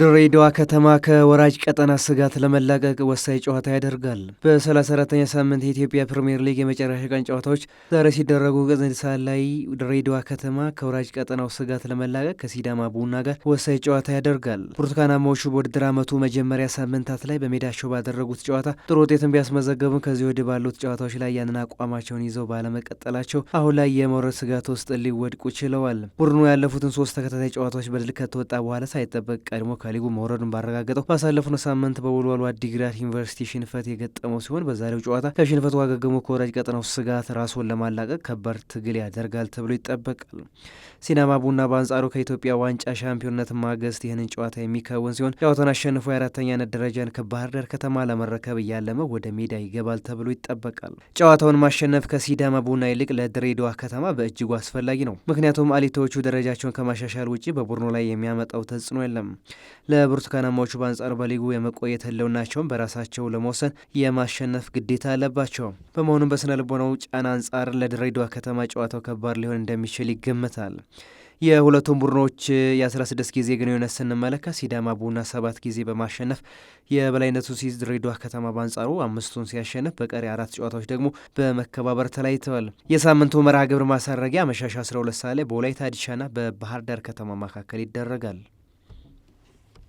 ድሬዳዋ ከተማ ከወራጅ ቀጠና ስጋት ለመላቀቅ ወሳኝ ጨዋታ ያደርጋል። 34 ኛ ሳምንት የኢትዮጵያ ፕሪምየር ሊግ የመጨረሻ ቀን ጨዋታዎች ዛሬ ሲደረጉ ዘጠኝ ሰዓት ላይ ድሬዳዋ ከተማ ከወራጅ ቀጠናው ስጋት ለመላቀቅ ከሲዳማ ቡና ጋር ወሳኝ ጨዋታ ያደርጋል። ብርቱካናማዎቹ በውድድር ዓመቱ መጀመሪያ ሳምንታት ላይ በሜዳቸው ባደረጉት ጨዋታ ጥሩ ውጤትን ቢያስመዘገቡም ከዚህ ወዲህ ባሉት ጨዋታዎች ላይ ያንን አቋማቸውን ይዘው ባለመቀጠላቸው አሁን ላይ የመውረድ ስጋት ውስጥ ሊወድቁ ችለዋል። ቡድኑ ያለፉትን ሶስት ተከታታይ ጨዋታዎች በድል ከተወጣ በኋላ ሳይጠበቅ ቀድሞ ሊጉ መውረዱን ባረጋገጠው ባሳለፍነው ሳምንት በወልዋሉ አዲግራት ዩኒቨርሲቲ ሽንፈት የገጠመው ሲሆን በዛሬው ጨዋታ ከሽንፈቱ አገግሞ ከወራጅ ቀጠናው ስጋት ራሱን ለማላቀቅ ከባድ ትግል ያደርጋል ተብሎ ይጠበቃል። ሲናማ ቡና በአንጻሩ ከኢትዮጵያ ዋንጫ ሻምፒዮንነት ማግስት ይህንን ጨዋታ የሚከውን ሲሆን ጨዋታውን አሸንፎ የአራተኛነት ደረጃን ከባህር ዳር ከተማ ለመረከብ እያለመ ወደ ሜዳ ይገባል ተብሎ ይጠበቃል። ጨዋታውን ማሸነፍ ከሲዳማ ቡና ይልቅ ለድሬዳዋ ከተማ በእጅጉ አስፈላጊ ነው። ምክንያቱም አሊቶዎቹ ደረጃቸውን ከማሻሻል ውጭ በቡድኑ ላይ የሚያመጣው ተጽዕኖ የለም። ለብርቱካናማዎቹ በአንጻር በሊጉ የመቆየት ህልውናቸውን በራሳቸው ለመወሰን የማሸነፍ ግዴታ አለባቸውም። በመሆኑም በስነ ልቦናው ጫና አንጻር ለድሬዳዋ ከተማ ጨዋታው ከባድ ሊሆን እንደሚችል ይገመታል። የሁለቱም ቡድኖች የ16 ጊዜ ግንኙነት ስንመለከት ሲዳማ ቡና ሰባት ጊዜ በማሸነፍ የበላይነቱ ሲይዝ ድሬዳዋ ከተማ በአንጻሩ አምስቱን ሲያሸንፍ በቀሪ አራት ጨዋታዎች ደግሞ በመከባበር ተለያይተዋል። የሳምንቱ መርሃ ግብር ማሳረጊያ መሻሻ 12 ሰዓት ላይ በወላይታ ዲቻና በባህር ዳር ከተማ መካከል ይደረጋል።